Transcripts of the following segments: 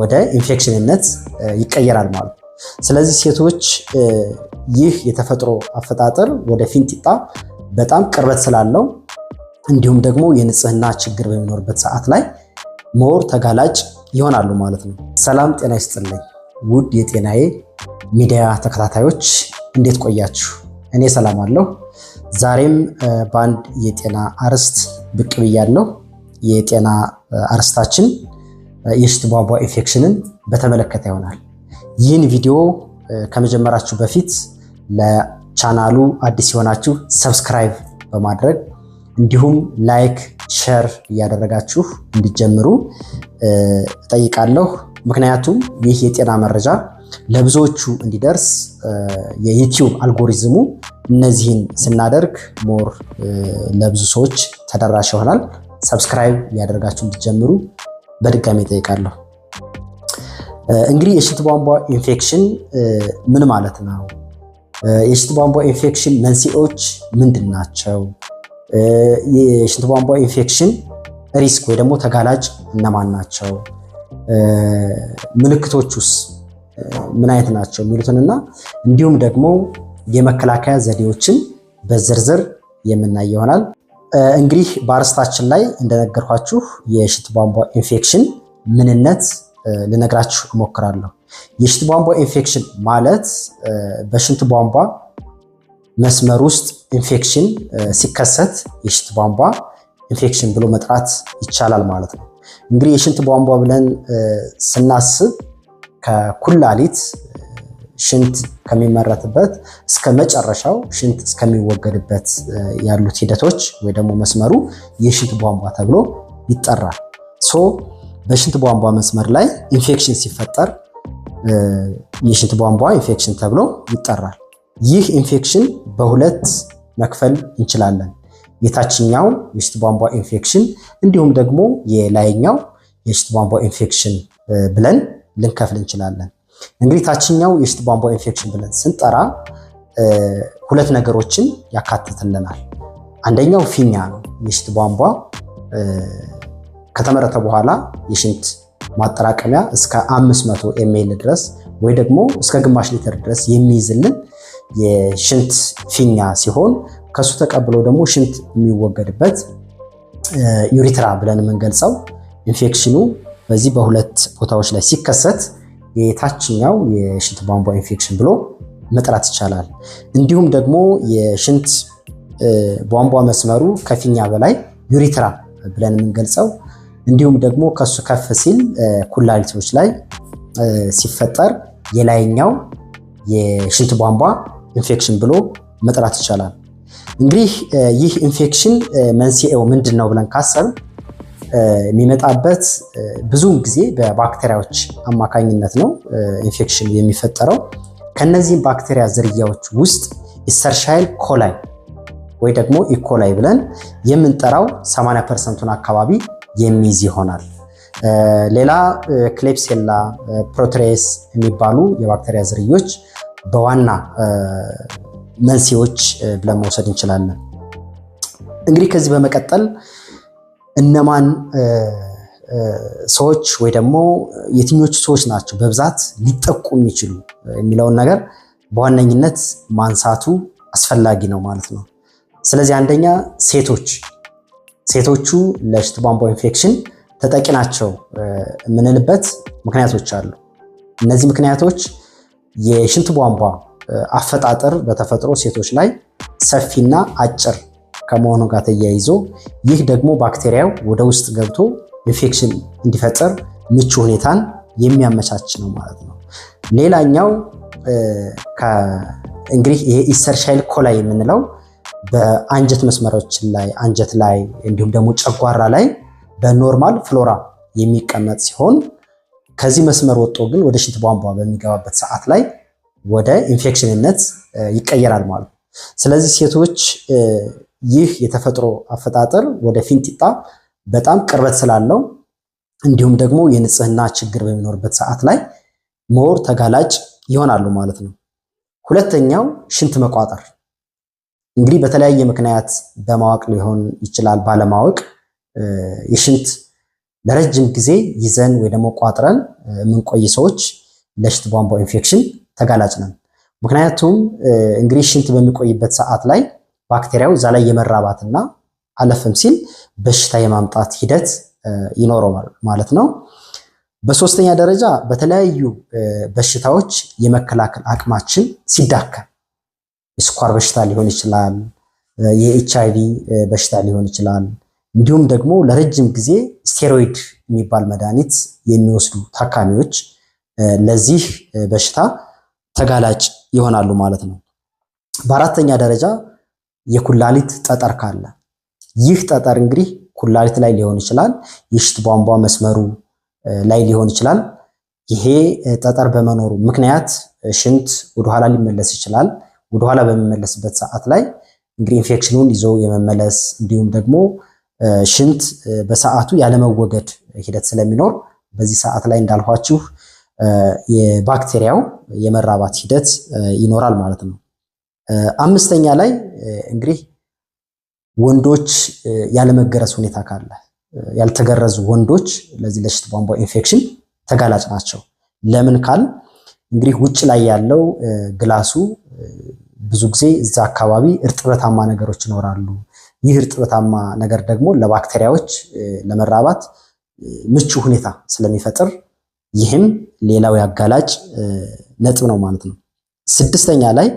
ወደ ኢንፌክሽንነት ይቀየራል ማለት ነው። ስለዚህ ሴቶች ይህ የተፈጥሮ አፈጣጠር ወደ ፊንጢጣ በጣም ቅርበት ስላለው እንዲሁም ደግሞ የንጽህና ችግር በሚኖርበት ሰዓት ላይ ሞር ተጋላጭ ይሆናሉ ማለት ነው። ሰላም ጤና ይስጥልኝ ውድ የጤናዬ ሚዲያ ተከታታዮች እንዴት ቆያችሁ? እኔ ሰላም አለሁ። ዛሬም በአንድ የጤና አርዕስት ብቅ ብያለሁ። የጤና አርዕስታችን የስት ቧንቧ ኢንፌክሽንን በተመለከተ ይሆናል። ይህን ቪዲዮ ከመጀመራችሁ በፊት ለቻናሉ አዲስ የሆናችሁ ሰብስክራይብ በማድረግ እንዲሁም ላይክ፣ ሸር እያደረጋችሁ እንዲጀምሩ እጠይቃለሁ። ምክንያቱም ይህ የጤና መረጃ ለብዙዎቹ እንዲደርስ የዩቲዩብ አልጎሪዝሙ እነዚህን ስናደርግ ሞር ለብዙ ሰዎች ተደራሽ ይሆናል። ሰብስክራይብ እያደረጋችሁ እንዲጀምሩ በድጋሚ ጠይቃለሁ። እንግዲህ የሽንት ቧንቧ ኢንፌክሽን ምን ማለት ነው? የሽንት ቧንቧ ኢንፌክሽን መንስኤዎች ምንድን ናቸው? የሽንት ቧንቧ ኢንፌክሽን ሪስክ ወይ ደግሞ ተጋላጭ እነማን ናቸው? ምልክቶቹስ ምን አይነት ናቸው? የሚሉትንና እንዲሁም ደግሞ የመከላከያ ዘዴዎችን በዝርዝር የምናይ ይሆናል። እንግዲህ በአርስታችን ላይ እንደነገርኳችሁ የሽንት ቧንቧ ኢንፌክሽን ምንነት ልነግራችሁ እሞክራለሁ። የሽንት ቧንቧ ኢንፌክሽን ማለት በሽንት ቧንቧ መስመር ውስጥ ኢንፌክሽን ሲከሰት የሽንት ቧንቧ ኢንፌክሽን ብሎ መጥራት ይቻላል ማለት ነው። እንግዲህ የሽንት ቧንቧ ብለን ስናስብ ከኩላሊት ሽንት ከሚመረትበት እስከ መጨረሻው ሽንት እስከሚወገድበት ያሉት ሂደቶች ወይ ደግሞ መስመሩ የሽንት ቧንቧ ተብሎ ይጠራል። ሶ በሽንት ቧንቧ መስመር ላይ ኢንፌክሽን ሲፈጠር የሽንት ቧንቧ ኢንፌክሽን ተብሎ ይጠራል። ይህ ኢንፌክሽን በሁለት መክፈል እንችላለን። የታችኛው የሽንት ቧንቧ ኢንፌክሽን እንዲሁም ደግሞ የላይኛው የሽንት ቧንቧ ኢንፌክሽን ብለን ልንከፍል እንችላለን። እንግዲህ ታችኛው የሽንት ቧንቧ ኢንፌክሽን ብለን ስንጠራ ሁለት ነገሮችን ያካትትልናል። አንደኛው ፊኛ ነው። የሽንት ቧንቧ ከተመረተ በኋላ የሽንት ማጠራቀሚያ እስከ 500 ኤምኤል ድረስ ወይ ደግሞ እስከ ግማሽ ሊትር ድረስ የሚይዝልን የሽንት ፊኛ ሲሆን ከሱ ተቀብሎ ደግሞ ሽንት የሚወገድበት ዩሪትራ ብለን የምንገልጸው ኢንፌክሽኑ በዚህ በሁለት ቦታዎች ላይ ሲከሰት የታችኛው የሽንት ቧንቧ ኢንፌክሽን ብሎ መጥራት ይቻላል። እንዲሁም ደግሞ የሽንት ቧንቧ መስመሩ ከፊኛ በላይ ዩሪትራ ብለን የምንገልጸው እንዲሁም ደግሞ ከሱ ከፍ ሲል ኩላሊቶች ላይ ሲፈጠር የላይኛው የሽንት ቧንቧ ኢንፌክሽን ብሎ መጥራት ይቻላል። እንግዲህ ይህ ኢንፌክሽን መንስኤው ምንድን ነው ብለን ካሰብ የሚመጣበት ብዙውን ጊዜ በባክቴሪያዎች አማካኝነት ነው ኢንፌክሽን የሚፈጠረው። ከነዚህም ባክቴሪያ ዝርያዎች ውስጥ ኢሰርሻይል ኮላይ ወይ ደግሞ ኢኮላይ e. ብለን የምንጠራው 80 ፐርሰንቱን አካባቢ የሚይዝ ይሆናል። ሌላ ክሌፕሴላ፣ ፕሮትሬስ የሚባሉ የባክቴሪያ ዝርያዎች በዋና መንስኤዎች ብለን መውሰድ እንችላለን። እንግዲህ ከዚህ በመቀጠል እነማን ሰዎች ወይ ደግሞ የትኞቹ ሰዎች ናቸው በብዛት ሊጠቁ የሚችሉ የሚለውን ነገር በዋነኝነት ማንሳቱ አስፈላጊ ነው ማለት ነው። ስለዚህ አንደኛ ሴቶች ሴቶቹ ለሽንት ቧንቧ ኢንፌክሽን ተጠቂ ናቸው የምንልበት ምክንያቶች አሉ። እነዚህ ምክንያቶች የሽንት ቧንቧ አፈጣጠር በተፈጥሮ ሴቶች ላይ ሰፊና አጭር ከመሆኑ ጋር ተያይዞ ይህ ደግሞ ባክቴሪያው ወደ ውስጥ ገብቶ ኢንፌክሽን እንዲፈጠር ምቹ ሁኔታን የሚያመቻች ነው ማለት ነው። ሌላኛው እንግዲህ ይሄ ኢሰርሻይል ኮላይ የምንለው በአንጀት መስመሮች ላይ አንጀት ላይ እንዲሁም ደግሞ ጨጓራ ላይ በኖርማል ፍሎራ የሚቀመጥ ሲሆን ከዚህ መስመር ወጥቶ ግን ወደ ሽንት ቧንቧ በሚገባበት ሰዓት ላይ ወደ ኢንፌክሽንነት ይቀየራል ማለት ነው። ስለዚህ ሴቶች ይህ የተፈጥሮ አፈጣጠር ወደ ፊንጢጣ በጣም ቅርበት ስላለው እንዲሁም ደግሞ የንጽህና ችግር በሚኖርበት ሰዓት ላይ ሞር ተጋላጭ ይሆናሉ ማለት ነው። ሁለተኛው ሽንት መቋጠር እንግዲህ በተለያየ ምክንያት በማወቅ ሊሆን ይችላል፣ ባለማወቅ የሽንት ለረጅም ጊዜ ይዘን ወይ ደግሞ ቋጥረን የምንቆይ ሰዎች ለሽንት ቧንቧ ኢንፌክሽን ተጋላጭ ነን። ምክንያቱም እንግዲህ ሽንት በሚቆይበት ሰዓት ላይ ባክቴሪያው እዛ ላይ የመራባትና አለፍም ሲል በሽታ የማምጣት ሂደት ይኖረዋል ማለት ነው። በሶስተኛ ደረጃ በተለያዩ በሽታዎች የመከላከል አቅማችን ሲዳከም የስኳር በሽታ ሊሆን ይችላል፣ የኤች አይቪ በሽታ ሊሆን ይችላል። እንዲሁም ደግሞ ለረጅም ጊዜ ስቴሮይድ የሚባል መድኃኒት የሚወስዱ ታካሚዎች ለዚህ በሽታ ተጋላጭ ይሆናሉ ማለት ነው። በአራተኛ ደረጃ የኩላሊት ጠጠር ካለ ይህ ጠጠር እንግዲህ ኩላሊት ላይ ሊሆን ይችላል፣ የሽንት ቧንቧ መስመሩ ላይ ሊሆን ይችላል። ይሄ ጠጠር በመኖሩ ምክንያት ሽንት ወደኋላ ሊመለስ ይችላል። ወደኋላ በሚመለስበት ሰዓት ላይ እንግዲህ ኢንፌክሽኑን ይዞ የመመለስ እንዲሁም ደግሞ ሽንት በሰዓቱ ያለመወገድ ሂደት ስለሚኖር በዚህ ሰዓት ላይ እንዳልኋችሁ የባክቴሪያው የመራባት ሂደት ይኖራል ማለት ነው። አምስተኛ ላይ እንግዲህ ወንዶች ያለመገረዝ ሁኔታ ካለ ያልተገረዙ ወንዶች ለዚህ ለሽንት ቧንቧ ኢንፌክሽን ተጋላጭ ናቸው። ለምን ካል እንግዲህ ውጭ ላይ ያለው ግላሱ ብዙ ጊዜ እዛ አካባቢ እርጥበታማ ነገሮች ይኖራሉ። ይህ እርጥበታማ ነገር ደግሞ ለባክቴሪያዎች ለመራባት ምቹ ሁኔታ ስለሚፈጥር ይህም ሌላው ያጋላጭ ነጥብ ነው ማለት ነው። ስድስተኛ ላይ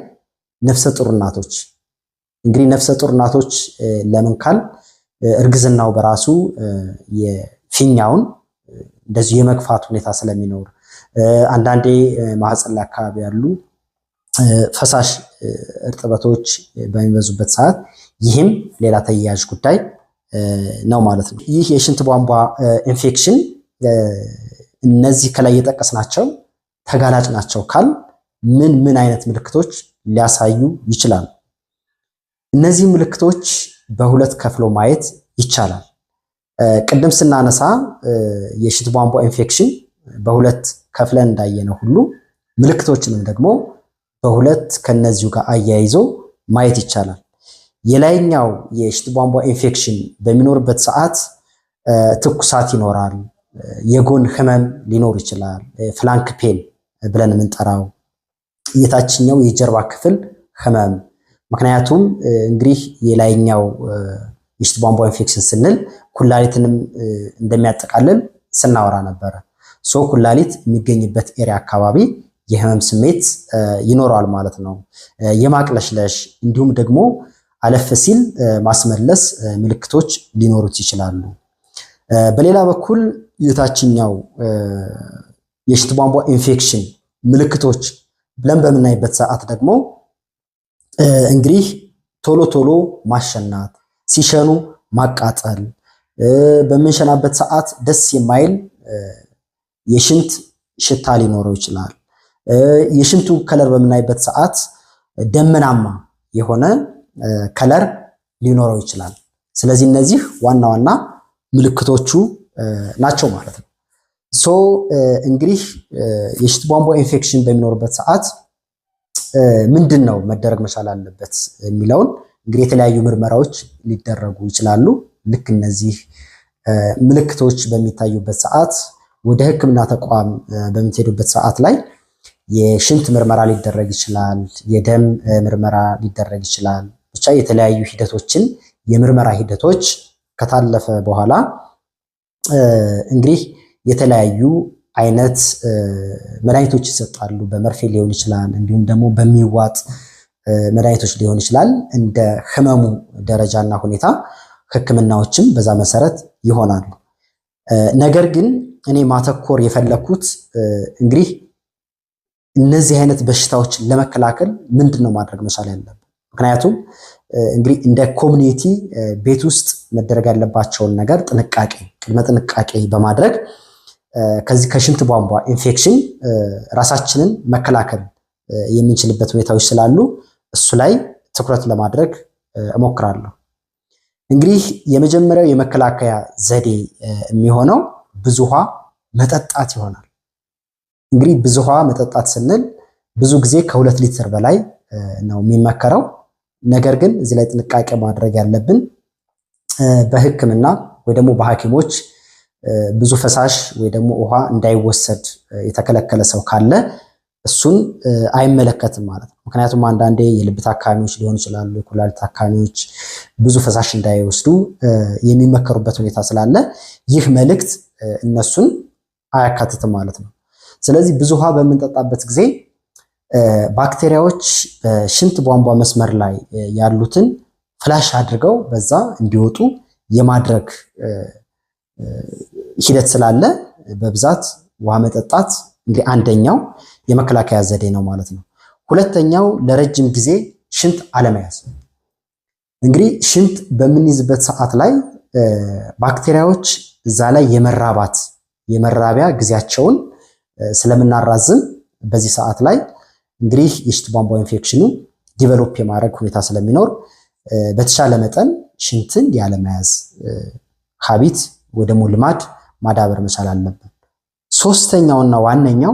ነፍሰ ጡር እናቶች እንግዲህ ነፍሰ ጡር እናቶች ለምን ካል እርግዝናው በራሱ የፊኛውን እንደዚሁ የመግፋት ሁኔታ ስለሚኖር አንዳንዴ ማህፀን ላይ አካባቢ ያሉ ፈሳሽ እርጥበቶች በሚበዙበት ሰዓት ይህም ሌላ ተያያዥ ጉዳይ ነው ማለት ነው። ይህ የሽንት ቧንቧ ኢንፌክሽን እነዚህ ከላይ የጠቀስናቸው ተጋላጭ ናቸው ካል ምን ምን አይነት ምልክቶች ሊያሳዩ ይችላሉ። እነዚህ ምልክቶች በሁለት ከፍሎ ማየት ይቻላል። ቅድም ስናነሳ የሽንት ቧንቧ ኢንፌክሽን በሁለት ከፍለን እንዳየነው ሁሉ ምልክቶችንም ደግሞ በሁለት ከነዚሁ ጋር አያይዞ ማየት ይቻላል። የላይኛው የሽንት ቧንቧ ኢንፌክሽን በሚኖርበት ሰዓት ትኩሳት ይኖራል፣ የጎን ህመም ሊኖር ይችላል፣ ፍላንክ ፔን ብለን የምንጠራው የታችኛው የጀርባ ክፍል ህመም። ምክንያቱም እንግዲህ የላይኛው የሽንት ቧንቧ ኢንፌክሽን ስንል ኩላሊትንም እንደሚያጠቃልል ስናወራ ነበረ። ሶ ኩላሊት የሚገኝበት ኤሪያ አካባቢ የህመም ስሜት ይኖረዋል ማለት ነው። የማቅለሽለሽ እንዲሁም ደግሞ አለፍ ሲል ማስመለስ ምልክቶች ሊኖሩት ይችላሉ። በሌላ በኩል የታችኛው የሽንት ቧንቧ ኢንፌክሽን ምልክቶች ብለን በምናይበት ሰዓት ደግሞ እንግዲህ ቶሎ ቶሎ ማሸናት፣ ሲሸኑ ማቃጠል፣ በምንሸናበት ሰዓት ደስ የማይል የሽንት ሽታ ሊኖረው ይችላል። የሽንቱ ከለር በምናይበት ሰዓት ደመናማ የሆነ ከለር ሊኖረው ይችላል። ስለዚህ እነዚህ ዋና ዋና ምልክቶቹ ናቸው ማለት ነው። ሶ እንግዲህ የሽንት ቧንቧ ኢንፌክሽን በሚኖርበት ሰዓት ምንድን ነው መደረግ መቻል አለበት የሚለውን እንግዲህ የተለያዩ ምርመራዎች ሊደረጉ ይችላሉ። ልክ እነዚህ ምልክቶች በሚታዩበት ሰዓት ወደ ሕክምና ተቋም በምትሄዱበት ሰዓት ላይ የሽንት ምርመራ ሊደረግ ይችላል። የደም ምርመራ ሊደረግ ይችላል። ብቻ የተለያዩ ሂደቶችን የምርመራ ሂደቶች ከታለፈ በኋላ እንግዲህ የተለያዩ አይነት መድኃኒቶች ይሰጣሉ። በመርፌ ሊሆን ይችላል፣ እንዲሁም ደግሞ በሚዋጥ መድኃኒቶች ሊሆን ይችላል። እንደ ህመሙ ደረጃና ሁኔታ ህክምናዎችም በዛ መሰረት ይሆናሉ። ነገር ግን እኔ ማተኮር የፈለግኩት እንግዲህ እነዚህ አይነት በሽታዎችን ለመከላከል ምንድን ነው ማድረግ መቻል ያለብን? ምክንያቱም እንግዲህ እንደ ኮሚኒቲ ቤት ውስጥ መደረግ ያለባቸውን ነገር ጥንቃቄ ቅድመ ጥንቃቄ በማድረግ ከዚህ ከሽንት ቧንቧ ኢንፌክሽን ራሳችንን መከላከል የምንችልበት ሁኔታዎች ስላሉ እሱ ላይ ትኩረት ለማድረግ እሞክራለሁ። እንግዲህ የመጀመሪያው የመከላከያ ዘዴ የሚሆነው ብዙ ውሃ መጠጣት ይሆናል። እንግዲህ ብዙ ውሃ መጠጣት ስንል ብዙ ጊዜ ከሁለት ሊትር በላይ ነው የሚመከረው። ነገር ግን እዚህ ላይ ጥንቃቄ ማድረግ ያለብን በሕክምና ወይ ደግሞ በሐኪሞች ብዙ ፈሳሽ ወይ ደግሞ ውሃ እንዳይወሰድ የተከለከለ ሰው ካለ እሱን አይመለከትም ማለት ነው። ምክንያቱም አንዳንዴ የልብ ታካሚዎች ሊሆኑ ይችላሉ፣ የኩላሊት ታካሚዎች ብዙ ፈሳሽ እንዳይወስዱ የሚመከሩበት ሁኔታ ስላለ ይህ መልእክት እነሱን አያካትትም ማለት ነው። ስለዚህ ብዙ ውሃ በምንጠጣበት ጊዜ ባክቴሪያዎች በሽንት ቧንቧ መስመር ላይ ያሉትን ፍላሽ አድርገው በዛ እንዲወጡ የማድረግ ሂደት ስላለ በብዛት ውሃ መጠጣት እንግዲህ አንደኛው የመከላከያ ዘዴ ነው ማለት ነው። ሁለተኛው ለረጅም ጊዜ ሽንት አለመያዝ። እንግዲህ ሽንት በምንይዝበት ሰዓት ላይ ባክቴሪያዎች እዛ ላይ የመራባት የመራቢያ ጊዜያቸውን ስለምናራዝም በዚህ ሰዓት ላይ እንግዲህ የሽንት ቧንቧ ኢንፌክሽኑ ዲቨሎፕ የማድረግ ሁኔታ ስለሚኖር በተሻለ መጠን ሽንትን ያለመያዝ ሀቢት ወይ ደግሞ ልማድ ማዳበር መቻል አለብን። ሶስተኛውና ዋነኛው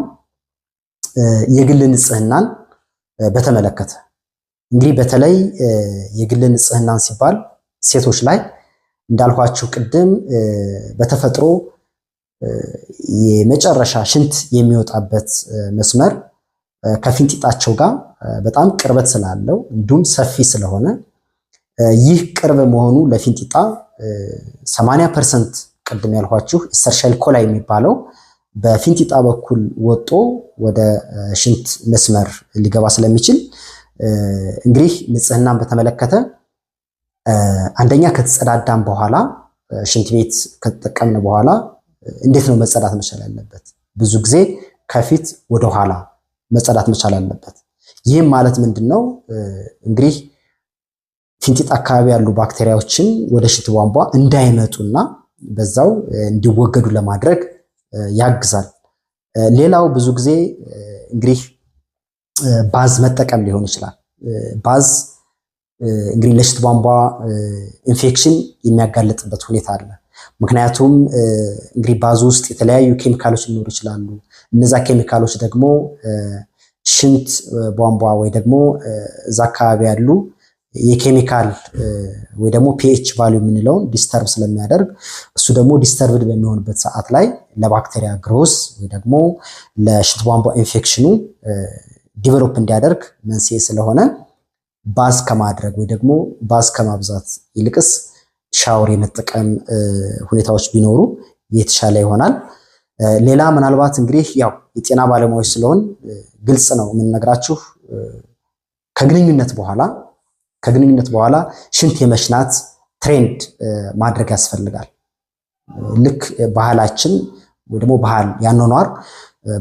የግል ንጽህናን በተመለከተ እንግዲህ በተለይ የግል ንጽህናን ሲባል ሴቶች ላይ እንዳልኳችሁ ቅድም በተፈጥሮ የመጨረሻ ሽንት የሚወጣበት መስመር ከፊንጢጣቸው ጋር በጣም ቅርበት ስላለው እንዲሁም ሰፊ ስለሆነ ይህ ቅርብ መሆኑ ለፊንጢጣ 80 ፐርሰንት ቅድም ያልኋችሁ ሰርሻል ኮላ የሚባለው በፊንጢጣ በኩል ወጦ ወደ ሽንት መስመር ሊገባ ስለሚችል እንግዲህ ንጽህናን በተመለከተ አንደኛ ከተጸዳዳን በኋላ ሽንት ቤት ከተጠቀምን በኋላ እንዴት ነው መጸዳት መቻል ያለበት? ብዙ ጊዜ ከፊት ወደኋላ መጸዳት መቻል አለበት። ይህም ማለት ምንድን ነው? እንግዲህ ፊንጢጣ አካባቢ ያሉ ባክቴሪያዎችን ወደ ሽንት ቧንቧ እንዳይመጡና በዛው እንዲወገዱ ለማድረግ ያግዛል። ሌላው ብዙ ጊዜ እንግዲህ ባዝ መጠቀም ሊሆን ይችላል። ባዝ እንግዲህ ለሽንት ቧንቧ ኢንፌክሽን የሚያጋልጥበት ሁኔታ አለ። ምክንያቱም እንግዲህ ባዙ ውስጥ የተለያዩ ኬሚካሎች ሊኖሩ ይችላሉ። እነዛ ኬሚካሎች ደግሞ ሽንት ቧንቧ ወይ ደግሞ እዛ አካባቢ ያሉ የኬሚካል ወይ ደግሞ ፒኤች ቫልዩ የምንለውን ዲስተርብ ስለሚያደርግ እሱ ደግሞ ዲስተርብድ በሚሆንበት ሰዓት ላይ ለባክቴሪያ ግሮስ ወይ ደግሞ ለሽንት ቧንቧ ኢንፌክሽኑ ዲቨሎፕ እንዲያደርግ መንስኤ ስለሆነ ባዝ ከማድረግ ወይ ደግሞ ባዝ ከማብዛት ይልቅስ ሻወር የመጠቀም ሁኔታዎች ቢኖሩ የተሻለ ይሆናል። ሌላ ምናልባት እንግዲህ ያው የጤና ባለሙያዎች ስለሆን ግልጽ ነው የምንነግራችሁ ከግንኙነት በኋላ ከግንኙነት በኋላ ሽንት የመሽናት ትሬንድ ማድረግ ያስፈልጋል። ልክ ባህላችን ወይ ደግሞ ባህል ያኗኗር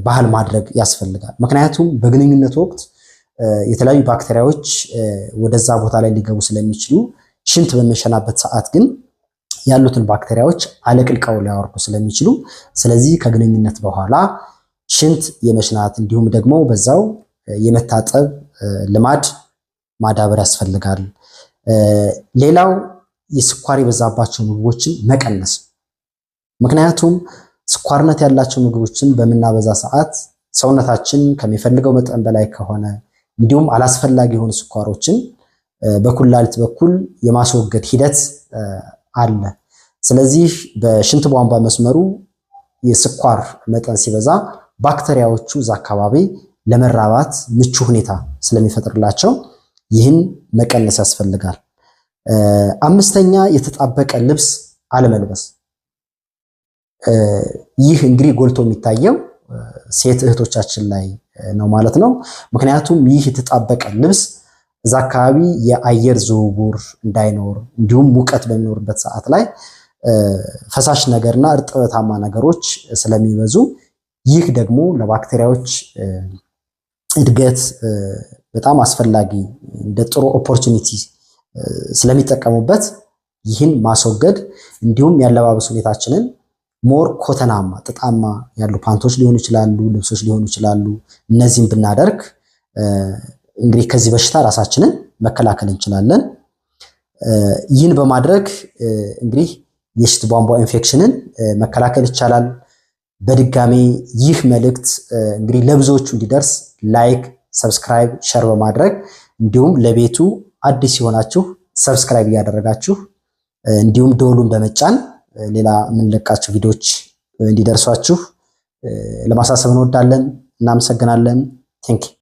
ባህል ማድረግ ያስፈልጋል። ምክንያቱም በግንኙነት ወቅት የተለያዩ ባክቴሪያዎች ወደዛ ቦታ ላይ ሊገቡ ስለሚችሉ ሽንት በመሸናበት ሰዓት ግን ያሉትን ባክቴሪያዎች አለቅልቀው ሊያወርዱ ስለሚችሉ፣ ስለዚህ ከግንኙነት በኋላ ሽንት የመሽናት እንዲሁም ደግሞ በዛው የመታጠብ ልማድ ማዳበር ያስፈልጋል። ሌላው የስኳር የበዛባቸው ምግቦችን መቀነስ። ምክንያቱም ስኳርነት ያላቸው ምግቦችን በምናበዛ ሰዓት ሰውነታችን ከሚፈልገው መጠን በላይ ከሆነ እንዲሁም አላስፈላጊ የሆኑ ስኳሮችን በኩላሊት በኩል የማስወገድ ሂደት አለ። ስለዚህ በሽንት ቧንቧ መስመሩ የስኳር መጠን ሲበዛ ባክተሪያዎቹ እዛ አካባቢ ለመራባት ምቹ ሁኔታ ስለሚፈጥርላቸው ይህን መቀነስ ያስፈልጋል። አምስተኛ የተጣበቀ ልብስ አለመልበስ። ይህ እንግዲህ ጎልቶ የሚታየው ሴት እህቶቻችን ላይ ነው ማለት ነው። ምክንያቱም ይህ የተጣበቀ ልብስ እዛ አካባቢ የአየር ዝውውር እንዳይኖር እንዲሁም ሙቀት በሚኖርበት ሰዓት ላይ ፈሳሽ ነገርና እርጥበታማ ነገሮች ስለሚበዙ ይህ ደግሞ ለባክቴሪያዎች እድገት በጣም አስፈላጊ እንደ ጥሩ ኦፖርቹኒቲ ስለሚጠቀሙበት ይህን ማስወገድ እንዲሁም ያለባበስ ሁኔታችንን ሞር ኮተናማ ጥጣማ ያሉ ፓንቶች ሊሆኑ ይችላሉ፣ ልብሶች ሊሆኑ ይችላሉ። እነዚህም ብናደርግ እንግዲህ ከዚህ በሽታ ራሳችንን መከላከል እንችላለን። ይህን በማድረግ እንግዲህ የሽንት ቧንቧ ኢንፌክሽንን መከላከል ይቻላል። በድጋሚ ይህ መልእክት እንግዲህ ለብዙዎቹ እንዲደርስ ላይክ ሰብስክራይብ፣ ሸር በማድረግ እንዲሁም ለቤቱ አዲስ የሆናችሁ ሰብስክራይብ እያደረጋችሁ እንዲሁም ደወሉን በመጫን ሌላ የምንለቃቸው ቪዲዮዎች እንዲደርሷችሁ ለማሳሰብ እንወዳለን። እናመሰግናለን። ቴንኪ